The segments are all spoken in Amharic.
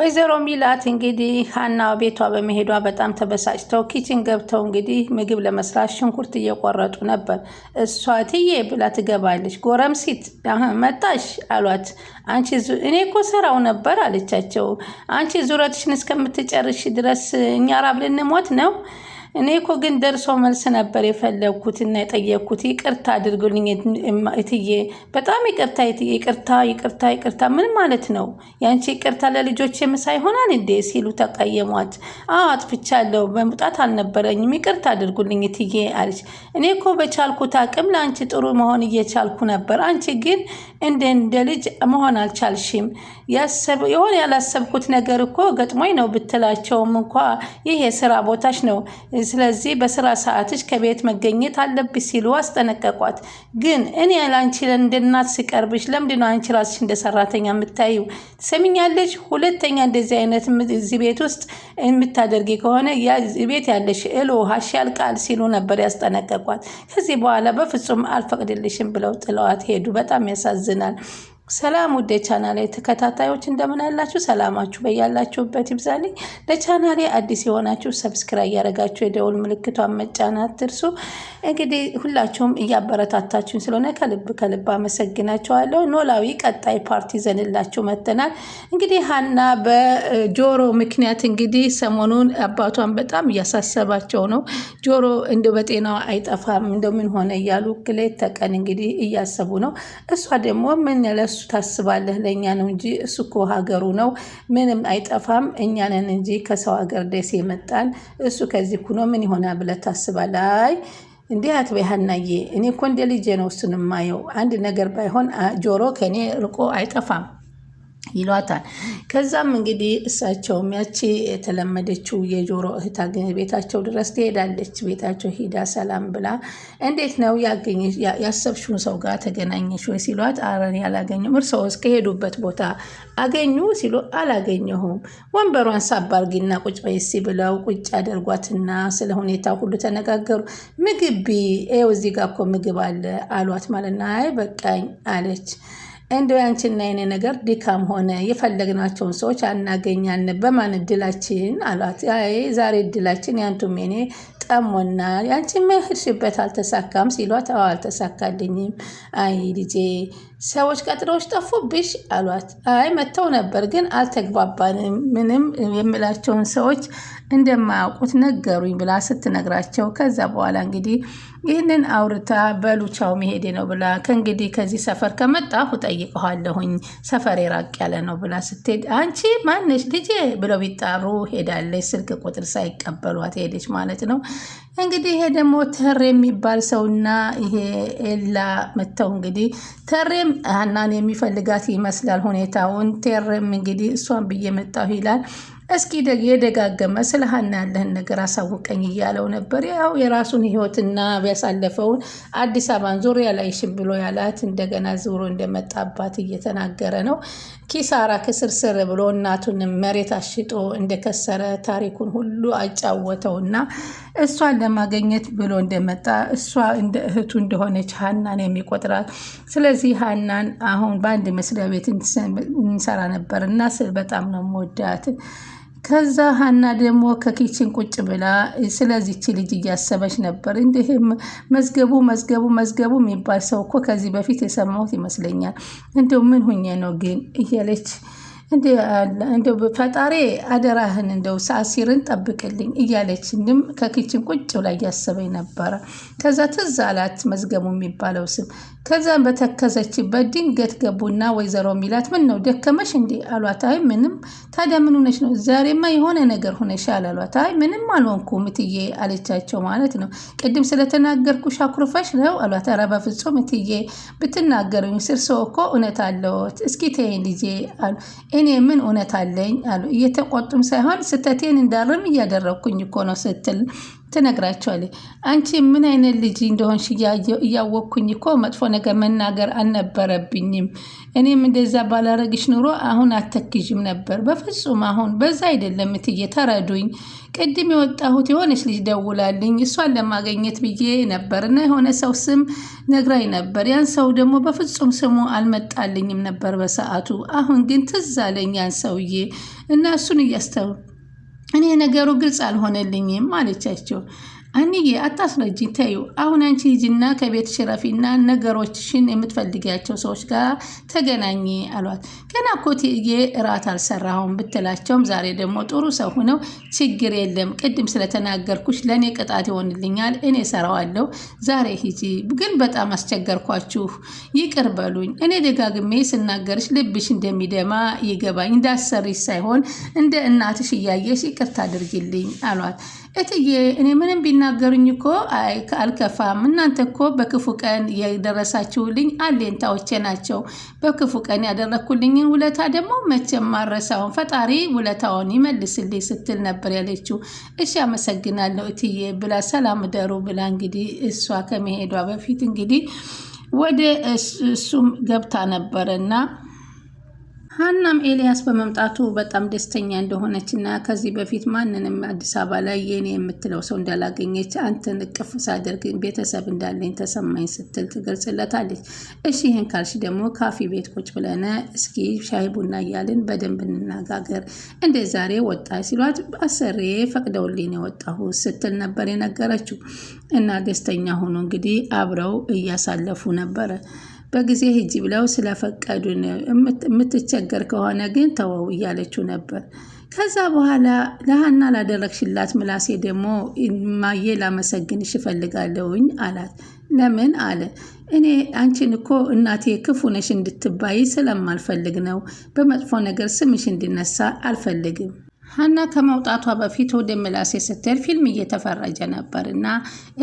ወይዘሮ ሚላት እንግዲህ ሀና ቤቷ በመሄዷ በጣም ተበሳጭተው ኪችን ገብተው እንግዲህ ምግብ ለመስራት ሽንኩርት እየቆረጡ ነበር። እሷ ትዬ ብላ ትገባለች። ጎረምሲት መጣሽ አሏት። አንቺ እኔ እኮ ሰራው ነበር አለቻቸው። አንቺ ዙረትሽን እስከምትጨርሽ ድረስ እኛ ራብ ልንሞት ነው እኔ እኮ ግን ደርሶ መልስ ነበር የፈለግኩት እና የጠየቅኩት። ይቅርታ አድርጉልኝ እትዬ፣ በጣም ይቅርታ ይቅርታ ይቅርታ ይቅርታ። ምን ማለት ነው ያንቺ ይቅርታ? ለልጆች የምሳ ይሆናል እንዴ? ሲሉ ተቀየሟት። አዎ አጥፍቻለሁ፣ መምጣት አልነበረኝም፣ ይቅርታ አድርጉልኝ እትዬ አለች። እኔ እኮ በቻልኩት አቅም ለአንቺ ጥሩ መሆን እየቻልኩ ነበር። አንቺ ግን እንደ እንደ ልጅ መሆን አልቻልሽም። የሆነ ያላሰብኩት ነገር እኮ ገጥሞኝ ነው ብትላቸውም እንኳ ይህ የስራ ቦታሽ ነው ስለዚህ በስራ ሰዓትሽ ከቤት መገኘት አለብሽ ሲሉ አስጠነቀቋት። ግን እኔ ለአንቺ እንደናት ስቀርብሽ ነው አንቺ ራስሽ እንደ ሰራተኛ የምታዩ? ትሰሚኛለሽ? ሁለተኛ እንደዚህ አይነት እዚህ ቤት ውስጥ የምታደርጊ ከሆነ ቤት ያለሽ እሎ ሀሽ ያልቃል ሲሉ ነበር ያስጠነቀቋት። ከዚህ በኋላ በፍጹም አልፈቅድልሽም ብለው ጥለዋት ሄዱ። በጣም ያሳዝናል። ሰላም ውድ የቻናሌ ተከታታዮች እንደምን አላችሁ? ሰላማችሁ በያላችሁበት ይብዛልኝ። ለቻናሌ አዲስ የሆናችሁ ሰብስክራይብ እያደረጋችሁ የደውል ምልክቷን መጫናት ድርሱ። እንግዲህ ሁላችሁም እያበረታታችሁን ስለሆነ ከልብ ከልብ አመሰግናችኋለሁ። ኖላዊ ቀጣይ ፓርቲ ዘንላችሁ መጥተናል። እንግዲህ ሀና በጆሮ ምክንያት እንግዲህ ሰሞኑን አባቷን በጣም እያሳሰባቸው ነው። ጆሮ እንደ በጤናዋ አይጠፋም እንደምን ሆነ እያሉ ሌት ተቀን እንግዲህ እያሰቡ ነው። እሷ ደግሞ ምን ለሱ ለእሱ ታስባለህ ለእኛ ነው እንጂ እሱ እኮ ሀገሩ ነው፣ ምንም አይጠፋም። እኛንን እንጂ ከሰው ሀገር ደሴ የመጣን እሱ ከዚህ ኩኖ ምን ይሆናል ብለህ ታስባለህ? አይ እንዲህ አትበይ ሀናዬ፣ እኔ እኮ እንደ ልጄ ነው እሱን ማየው። አንድ ነገር ባይሆን ጆሮ ከእኔ ርቆ አይጠፋም። ይሏታል። ከዛም እንግዲህ እሳቸውም ያቺ የተለመደችው የጆሮ እህት ቤታቸው ድረስ ትሄዳለች። ቤታቸው ሂዳ ሰላም ብላ እንዴት ነው ያሰብሽውን ሰው ጋር ተገናኘሽ ወይ ሲሏት፣ አረን ያላገኘሁም። እርስዎ ከሄዱበት ቦታ አገኙ ሲሉ አላገኘሁም። ወንበሯን ሳባርጊና ቁጭ በይሲ ብለው ቁጭ አደርጓትና ስለ ሁኔታ ሁሉ ተነጋገሩ። ምግብ ቢ ይኸው እዚህ ጋር እኮ ምግብ አለ አሏት። ማለት አይ በቃኝ አለች። እንደ ያንቺና የኔ ነገር ድካም ሆነ፣ የፈለግናቸውን ሰዎች አናገኛን፣ በማን እድላችን አሏት። አይ ዛሬ እድላችን ያንቱም የኔ ጠሞና ያንቺ መሄድሽበት አልተሳካም ሲሏት፣ አዎ አልተሳካልኝም። አይ ልጄ ሰዎች ቀጥሮዎች ጠፉብሽ አሏት። አይ መጥተው ነበር ግን አልተግባባንም፣ ምንም የምላቸውን ሰዎች እንደማያውቁት ነገሩኝ ብላ ስትነግራቸው ከዛ በኋላ እንግዲህ ይህንን አውርታ በሉቻው መሄዴ ነው ብላ ከእንግዲህ ከዚህ ሰፈር ከመጣሁ ጠይቀኋለሁኝ ሰፈር የራቅ ያለ ነው ብላ ስትሄድ አንቺ ማነሽ ልጄ ብለው ቢጣሩ ሄዳለች። ስልክ ቁጥር ሳይቀበሏት ሄደች ማለት ነው። እንግዲህ ይሄ ደግሞ ተሬ የሚባል ሰውና ይሄ ኤላ መተው እንግዲህ ተሬም ሀናን የሚፈልጋት ይመስላል ሁኔታውን። ተሬም እንግዲህ እሷን ብዬ መጣሁ ይላል። እስኪ የደጋገመ ስለ ሀና ያለህን ነገር አሳውቀኝ እያለው ነበር። ያው የራሱን ህይወትና ያሳለፈውን አዲስ አበባን ዙሪያ ላይ ሽም ብሎ ያላት እንደገና ዞሮ እንደመጣባት እየተናገረ ነው። ኪሳራ ክስርስር ብሎ እናቱን መሬት አሽጦ እንደከሰረ ታሪኩን ሁሉ አጫወተውና እሷን ለማገኘት ብሎ እንደመጣ እሷ እንደ እህቱ እንደሆነች ሀናን የሚቆጥራት ስለዚህ ሀናን አሁን በአንድ መስሪያ ቤት እንሰራ ነበር እና በጣም ነው መወዳት ከዛ ሀና ደግሞ ከኪችን ቁጭ ብላ ስለዚች ልጅ እያሰበች ነበር። እንዲህም መዝገቡ መዝገቡ መዝገቡ የሚባል ሰው እኮ ከዚህ በፊት የሰማሁት ይመስለኛል። እንዲሁ ምን ሁኜ ነው ግን እያለች እንደው ፈጣሪ አደራህን እንደው ሳሲርን ጠብቅልኝ እያለች እንድም ከኪችን ቁጭ ብላ እያሰበኝ ነበረ። ከዛ ትዝ አላት መዝገሙ የሚባለው ስም። ከዛም በተከዘችበት ድንገት ገቡና ወይዘሮ ሚላት ምን ነው ደከመሽ እንዴ አሏት። አይ ምንም። ታዲያ ምን ሆነሽ ነው? ዛሬማ የሆነ ነገር ሆነሻል አሏት። አይ ምንም አልሆንኩም እትዬ አለቻቸው ማለት ነው። ቅድም ስለተናገርኩሽ አኩርፈሽ ነው አሏት። ኧረ በፍጹም እትዬ ብትናገሩኝ ስር ሰው እኮ እውነት አለዎት። እስኪ ተይኝ ልጄ አሉ እኔ ምን እውነት አለኝ አሉ። እየተቆጡም ሳይሆን ስተቴን እንዳርም እያደረግኩኝ እኮ ነው ስትል ትነግራቸዋለች። አንቺ ምን አይነት ልጅ እንደሆንሽ እያወቅኩኝ እኮ መጥፎ ነገር መናገር አልነበረብኝም። እኔም እንደዛ ባላረግሽ ኑሮ አሁን አተክዥም ነበር። በፍጹም አሁን በዛ አይደለም እትዬ፣ ተረዱኝ። ቅድም የወጣሁት የሆነች ልጅ ደውላልኝ እሷን ለማገኘት ብዬ ነበር እና የሆነ ሰው ስም ነግራኝ ነበር። ያን ሰው ደግሞ በፍጹም ስሙ አልመጣልኝም ነበር በሰዓቱ። አሁን ግን ትዝ አለኝ ያን ሰውዬ እና እሱን እያስተው እኔ ነገሩ ግልጽ አልሆነልኝም አለቻቸው። አንዬ አታስረጅኝ ተዩ። አሁን አንቺ ሂጂና ከቤትሽ ረፊና ነገሮችሽን የምትፈልጊያቸው ሰዎች ጋር ተገናኝ አሏት። ገና እኮ እትዬ እራት አልሰራሁም ብትላቸውም ዛሬ ደግሞ ጥሩ ሰው ሆነው ችግር የለም ቅድም ስለተናገርኩሽ ለእኔ ቅጣት ይሆንልኛል፣ እኔ ሰራዋለሁ። ዛሬ ሂጂ፣ ግን በጣም አስቸገርኳችሁ፣ ይቅር በሉኝ። እኔ ደጋግሜ ስናገርሽ ልብሽ እንደሚደማ ይገባኝ፣ እንዳሰሪሽ ሳይሆን እንደ እናትሽ እያየሽ ይቅርታ አድርጊልኝ አሏት። እትዬ እኔ ምንም ቢናገሩኝ እኮ አልከፋም። እናንተ እኮ በክፉ ቀን የደረሳችሁልኝ አሌንታዎቼ ናቸው። በክፉ ቀን ያደረግኩልኝን ውለታ ደግሞ መቼም ማረሳውን ፈጣሪ ውለታውን ይመልስልኝ ስትል ነበር ያለችው። እሺ አመሰግናለሁ እትዬ ብላ ሰላም ደሩ ብላ እንግዲህ እሷ ከመሄዷ በፊት እንግዲህ ወደ እሱም ገብታ ነበረና ሀናም ኤልያስ በመምጣቱ በጣም ደስተኛ እንደሆነች እና ከዚህ በፊት ማንንም አዲስ አበባ ላይ የኔ የምትለው ሰው እንዳላገኘች አንተን እቅፍ ሳደርግ ቤተሰብ እንዳለኝ ተሰማኝ ስትል ትገልጽለታለች። እሺ ይህን ካልሽ ደግሞ ካፊ ቤት ቁጭ ብለን እስኪ ሻይ ቡና እያልን በደንብ እንነጋገር፣ እንደ ዛሬ ወጣ ሲሏት አሰሬ ፈቅደውልኝ የወጣሁ ስትል ነበር የነገረችው እና ደስተኛ ሆኖ እንግዲህ አብረው እያሳለፉ ነበረ። በጊዜ ሂጂ ብለው ስለፈቀዱ ነው። የምትቸገር ከሆነ ግን ተወው እያለችው ነበር። ከዛ በኋላ ለሀና ላደረግሽላት ምላሴ ደግሞ ማዬ ላመሰግንሽ እፈልጋለሁኝ አላት። ለምን አለ። እኔ አንቺን እኮ እናቴ ክፉ ነሽ እንድትባይ ስለማልፈልግ ነው። በመጥፎ ነገር ስምሽ እንዲነሳ አልፈልግም። ሀና ከመውጣቷ በፊት ወደ ምላሴ ስትል ፊልም እየተፈረጀ ነበር እና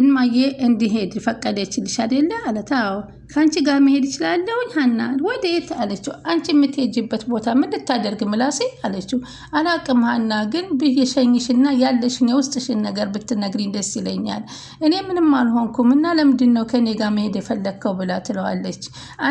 እማዬ እንዲሄድ ፈቀደችልሽ አይደለ አለት። አዎ ከአንቺ ጋር መሄድ ይችላለሁኝ ሀና። ወዴት አለችው። አንቺ የምትሄጅበት ቦታ ምን ልታደርግ ምላሴ አለችው። አላቅም ሀና፣ ግን ብየሸኝሽና ያለሽን የውስጥሽን ነገር ብትነግሪኝ ደስ ይለኛል። እኔ ምንም አልሆንኩም እና ለምንድን ነው ከኔ ጋር መሄድ የፈለግከው ብላ ትለዋለች።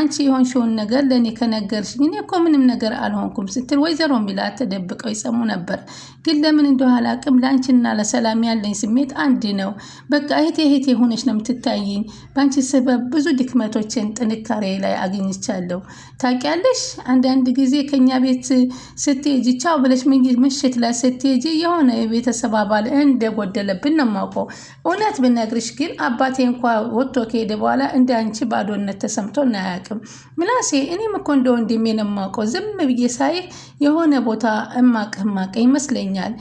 አንቺ የሆንሽውን ነገር ለእኔ ከነገርሽኝ እኔ እኮ ምንም ነገር አልሆንኩም ስትል ወይዘሮ ሚላት ተደብቀው ይሰሙ ነበር። ግን ለምን እንደው አላቅም ለአንቺና ለሰላም ያለኝ ስሜት አንድ ነው። በቃ እህቴ እህቴ የሆነች ነው የምትታይኝ። በአንቺ ሰበብ ብዙ ድክመቶችን ጥንካሬ ላይ አግኝቻለሁ። ታውቂያለሽ፣ አንዳንድ ጊዜ ከኛ ቤት ስትሄጂ ቻው ብለሽ ምሽት ላይ ስትሄጂ የሆነ የቤተሰብ አባል እንደጎደለብን ነው የማውቀው። እውነት ብነግርሽ ግን አባቴ እንኳ ወጥቶ ከሄደ በኋላ እንደ አንቺ ባዶነት ተሰምቶ አያውቅም። ምናሴ እኔም እኮ እንደ ወንድሜ ነው የማውቀው። ዝም ብዬ ሳይህ የሆነ ቦታ እማቅ እማቀኝ ይመስለኛል።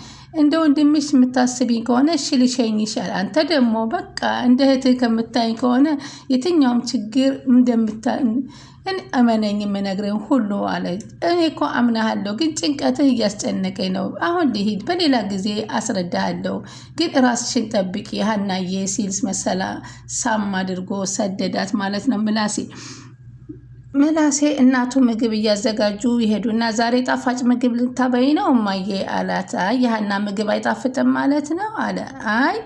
እንደ ወንድምሽ የምታስቢኝ ከሆነ እሺ ልሸኝ ይሻል። አንተ ደግሞ በቃ እንደ እህትህ ከምታይ ከሆነ የትኛውም ችግር እንደምታ እመነኝ የምነግረኝ ሁሉ አለ። እኔ እኮ አምናሃለሁ፣ ግን ጭንቀትህ እያስጨነቀኝ ነው። አሁን ልሂድ፣ በሌላ ጊዜ አስረዳሃለሁ። ግን ራስሽን ጠብቂ ሀናዬ ሲል መሰላ ሳም አድርጎ ሰደዳት ማለት ነው ምላሴ መላሴ እናቱ ምግብ እያዘጋጁ ይሄዱና ዛሬ ጣፋጭ ምግብ ልታበይ ነው እማዬ አላት። አይ የሀና ምግብ አይጣፍጥም ማለት ነው አለ። አይ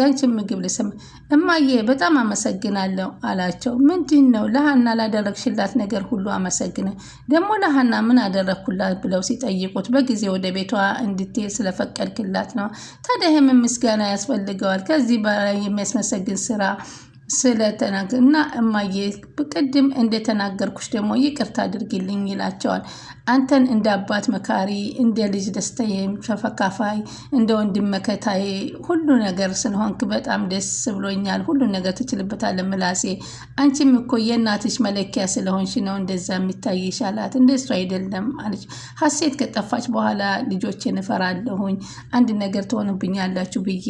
ያንቺን ምግብ ልስም እማዬ በጣም አመሰግናለሁ አላቸው። ምንድን ነው ለሀና ላደረግሽላት ነገር ሁሉ አመሰግነ። ደግሞ ለሀና ምን አደረግኩላት ብለው ሲጠይቁት በጊዜ ወደ ቤቷ እንድትሄድ ስለፈቀድክላት ነው። ታዲያ ምስጋና ያስፈልገዋል? ከዚህ በላይ የሚያስመሰግን ስራ ስለ እና እማዬ ቅድም እንደተናገርኩሽ ደግሞ ይቅርታ አድርጊልኝ ይላቸዋል። አንተን እንደ አባት መካሪ፣ እንደ ልጅ ደስታዬም ተካፋይ፣ እንደ ወንድም መከታዬ ሁሉ ነገር ስንሆንክ በጣም ደስ ብሎኛል። ሁሉ ነገር ትችልበታለህ ምላሴ፣ አንቺም እኮ የእናትሽ መለኪያ ስለሆንሽ ነው እንደዛ የሚታይሽ አላት። እንደሱ አይደለም አለች ሀሴት። ከጠፋች በኋላ ልጆቼን እፈራለሁኝ አንድ ነገር ትሆንብኛላችሁ ብዬ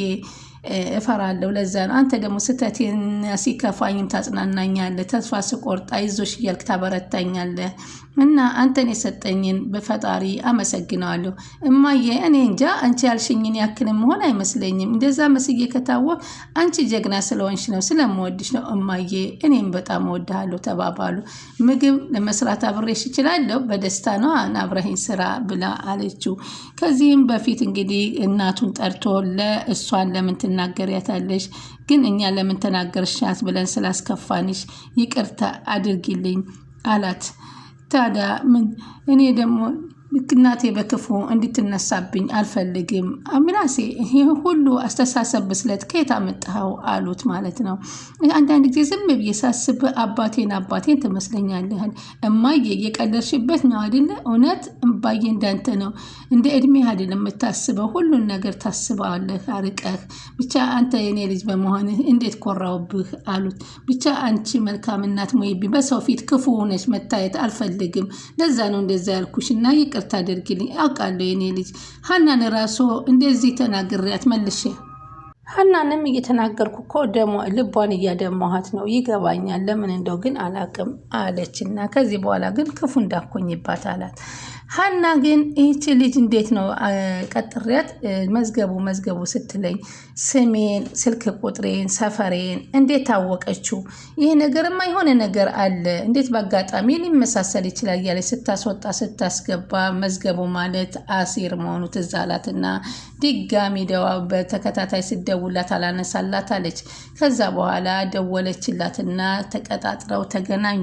እፈራለሁ። ለዛ ነው አንተ ደግሞ ስህተቴን ሲከፋኝም ታጽናናኛለህ፣ ተስፋ ስቆርጣ ይዞሽ እያልክ ታበረታኛለህ እና አንተን የሰጠ የሰጠኝን በፈጣሪ አመሰግነዋለሁ። እማዬ እኔ እንጃ አንቺ ያልሽኝን ያክን መሆን አይመስለኝም። እንደዛ መስዬ ከታወ አንቺ ጀግና ስለሆንሽ ነው ስለምወድሽ ነው እማዬ፣ እኔም በጣም ወድሃለሁ ተባባሉ። ምግብ ለመስራት አብሬሽ እችላለሁ በደስታ ነው አብረኸኝ ስራ ብላ አለችው። ከዚህም በፊት እንግዲህ እናቱን ጠርቶ ለእሷን ለምን ትናገሪያታለሽ ግን እኛ ለምን ተናገርሻት ብለን ስላስከፋንሽ ይቅርታ አድርጊልኝ አላት። ታዲያ ምን እኔ ደግሞ ልክ እናቴ በክፉ እንድትነሳብኝ አልፈልግም። ምናሴ ይህ ሁሉ አስተሳሰብ ብስለት ከየት አመጣኸው? አሉት ማለት ነው። አንዳንድ ጊዜ ዝም ብዬ ሳስብ አባቴን አባቴን ትመስለኛለህን። እማዬ የቀለድሽበት ነው አይደለ? እውነት እምባዬ እንዳንተ ነው እንደ እድሜ አይደለም የምታስበው። ሁሉን ነገር ታስበዋለህ አርቀህ። ብቻ አንተ የኔ ልጅ በመሆንህ እንዴት ኮራውብህ? አሉት ብቻ አንቺ መልካም እናት ሞይቢ፣ በሰው ፊት ክፉ ሆነች መታየት አልፈልግም። ለዛ ነው እንደዛ ያልኩሽ እና ይቅር ይቅርታ አድርግልኝ። አውቃለሁ የኔ ልጅ ሀናን ራሱ እንደዚህ ተናግሬያት መልሼ ሀናንም እየተናገርኩ እኮ ደሞ ልቧን እያደማኋት ነው። ይገባኛል፣ ለምን እንደው ግን አላቅም አለች ከዚህ በኋላ ግን ክፉ እንዳኮኝባት አላት። ሀና ግን ይህቺ ልጅ እንዴት ነው ቀጥሬያት መዝገቡ መዝገቡ ስትለኝ ስሜን፣ ስልክ ቁጥሬን፣ ሰፈሬን እንዴት ታወቀችው? ይህ ነገርማ የሆነ ነገር አለ፣ እንዴት በአጋጣሚ ሊመሳሰል ይችላል እያለች ስታስወጣ ስታስገባ መዝገቡ ማለት አሲር መሆኑ ትዝ አላትና ድጋሚ ደዋ በተከታታይ ስደውላት አላነሳላት አለች። ከዛ በኋላ ደወለችላትና ተቀጣጥረው ተገናኙ።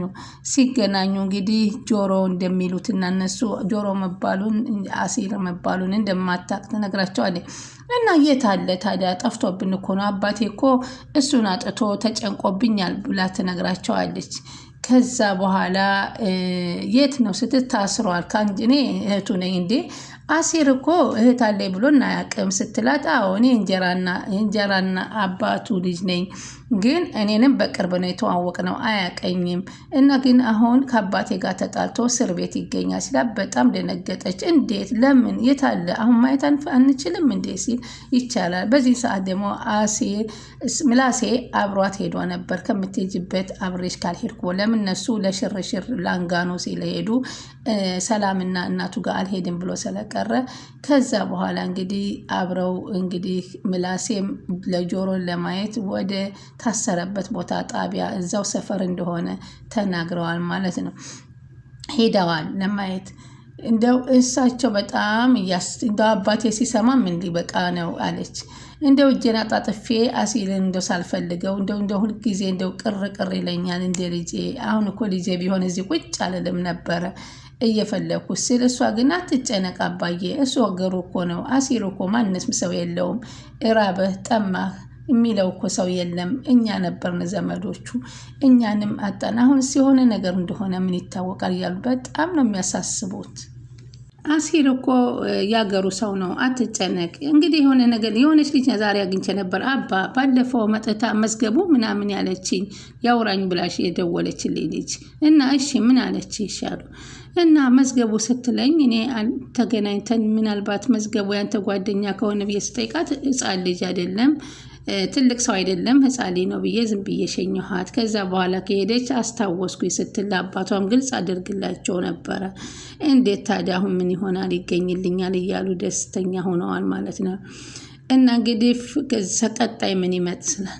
ሲገናኙ እንግዲህ ጆሮ እንደሚሉትና እነሱ ዶሮ መባሉን አሲር መባሉን እንደማታቅ ትነግራቸዋለች። እና የት አለ ታዲያ ጠፍቶብን እኮ ነው አባቴ እኮ እሱን አጥቶ ተጨንቆብኛል ብላ ትነግራቸዋለች። ከዛ በኋላ የት ነው ስትታስሯል? እኔ እህቱ ነኝ እንዴ አሲር እኮ እህት አለኝ ብሎ እናያቅም ስትላት፣ አዎ እኔ እንጀራና አባቱ ልጅ ነኝ፣ ግን እኔንም በቅርብ ነው የተዋወቅ ነው አያቀኝም እና ግን አሁን ከአባቴ ጋር ተጣልቶ እስር ቤት ይገኛል ሲላት፣ በጣም ደነገጠች። እንዴት? ለምን? የታለ? አሁን ማየት አንችልም እንዴ ሲል፣ ይቻላል። በዚህ ሰዓት ደግሞ ምላሴ አብሯት ሄዷ ነበር። ከምትሄጅበት አብሬሽ ካልሄድኩ ለምን ነሱ ለሽርሽር ላንጋኖ ሲለሄዱ ሰላምና እናቱ ጋር አልሄድም ብሎ ሰለቀ ቀረ። ከዛ በኋላ እንግዲህ አብረው እንግዲህ ምላሴም ለጆሮን ለማየት ወደ ታሰረበት ቦታ ጣቢያ እዛው ሰፈር እንደሆነ ተናግረዋል ማለት ነው። ሄደዋል ለማየት እንደው እሳቸው በጣም እንደው አባቴ ሲሰማም እንዲህ በቃ ነው አለች። እንደው እጄን አጣጥፌ አሲልን እንደው ሳልፈልገው እንደው እንደ ሁልጊዜ እንደው ቅር ቅር ይለኛል እንደ ልጄ። አሁን እኮ ልጄ ቢሆን እዚህ ቁጭ አልልም ነበረ እየፈለግኩ ስል እሷ ግን አትጨነቅ አባዬ፣ እሱ ወገሩ እኮ ነው። አሲሩ እኮ ማንስ ሰው የለውም። እራበህ ጠማህ የሚለው እኮ ሰው የለም። እኛ ነበርን ዘመዶቹ፣ እኛንም አጣን። አሁን ሲሆነ ነገር እንደሆነ ምን ይታወቃል እያሉ በጣም ነው የሚያሳስቡት። አሲር እኮ ያገሩ ሰው ነው፣ አትጨነቅ። እንግዲህ የሆነ ነገር የሆነች ልጅ ዛሬ አግኝቼ ነበር። አባ ባለፈው መጠታ መዝገቡ ምናምን ያለችኝ ያውራኝ ብላሽ የደወለችልኝ ልጅ እና እሺ ምን አለች ይሻሉ እና መዝገቡ ስትለኝ እኔ ተገናኝተን ምናልባት መዝገቡ ያንተ ጓደኛ ከሆነ ብዬ ስጠይቃት ልጅ አይደለም ትልቅ ሰው አይደለም ህፃሌ ነው ብዬ ዝም ብዬ ሸኘኋት። ከዛ በኋላ ከሄደች አስታወስኩኝ ስትል ለአባቷም ግልጽ አድርግላቸው ነበረ። እንዴት ታዲያ አሁን ምን ይሆናል ይገኝልኛል እያሉ ደስተኛ ሆነዋል ማለት ነው። እና እንግዲህ ቀጣይ ምን ይመስላል?